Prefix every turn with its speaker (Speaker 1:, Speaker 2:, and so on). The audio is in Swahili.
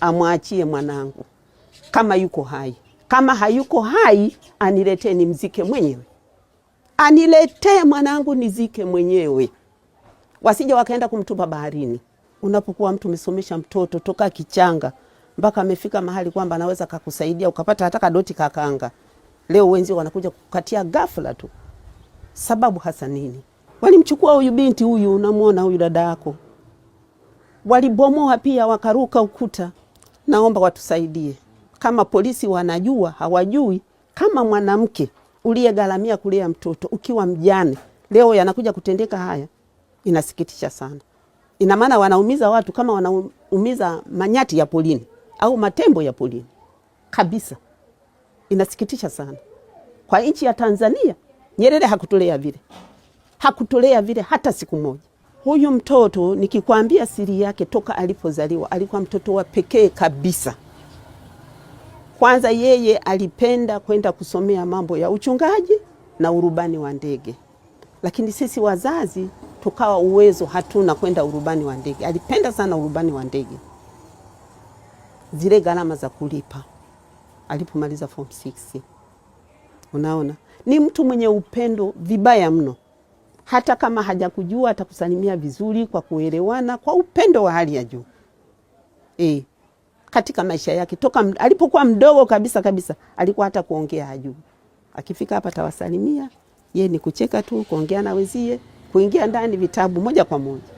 Speaker 1: amwachie mwanangu kama yuko hai. Kama hayuko hai, aniletee nimzike mwenyewe, aniletee mwanangu nizike mwenyewe, wasije wakaenda kumtupa baharini. Unapokuwa mtu umesomesha mtoto toka kichanga mpaka amefika mahali kwamba anaweza kakusaidia ukapata hata kadoti kakanga, leo wenzi wanakuja kukatia ghafla tu. Sababu hasa nini? Walimchukua huyu binti huyu, unamwona huyu dada yako walibomoa pia wakaruka ukuta. Naomba watusaidie, kama polisi wanajua, hawajui. Kama mwanamke uliyegharamia kulea mtoto ukiwa mjane, leo yanakuja kutendeka haya, inasikitisha sana. Ina maana wanaumiza watu kama wanaumiza manyati ya polini au matembo ya polini kabisa. Inasikitisha sana kwa nchi ya Tanzania. Nyerere hakutolea vile, hakutolea vile hata siku moja. Huyu mtoto nikikwambia siri yake, toka alipozaliwa alikuwa mtoto wa pekee kabisa. Kwanza yeye alipenda kwenda kusomea mambo ya uchungaji na urubani wa ndege, lakini sisi wazazi tukawa uwezo hatuna kwenda urubani wa ndege. Alipenda sana urubani wa ndege, zile gharama za kulipa alipomaliza form 6. Unaona, ni mtu mwenye upendo vibaya mno hata kama hajakujua atakusalimia vizuri kwa kuelewana, kwa upendo wa hali ya juu e, katika maisha yake toka alipokuwa mdogo kabisa kabisa, alikuwa hata kuongea hajui. Akifika hapa atawasalimia, ye ni kucheka tu, kuongea na wezie, kuingia ndani vitabu moja kwa moja.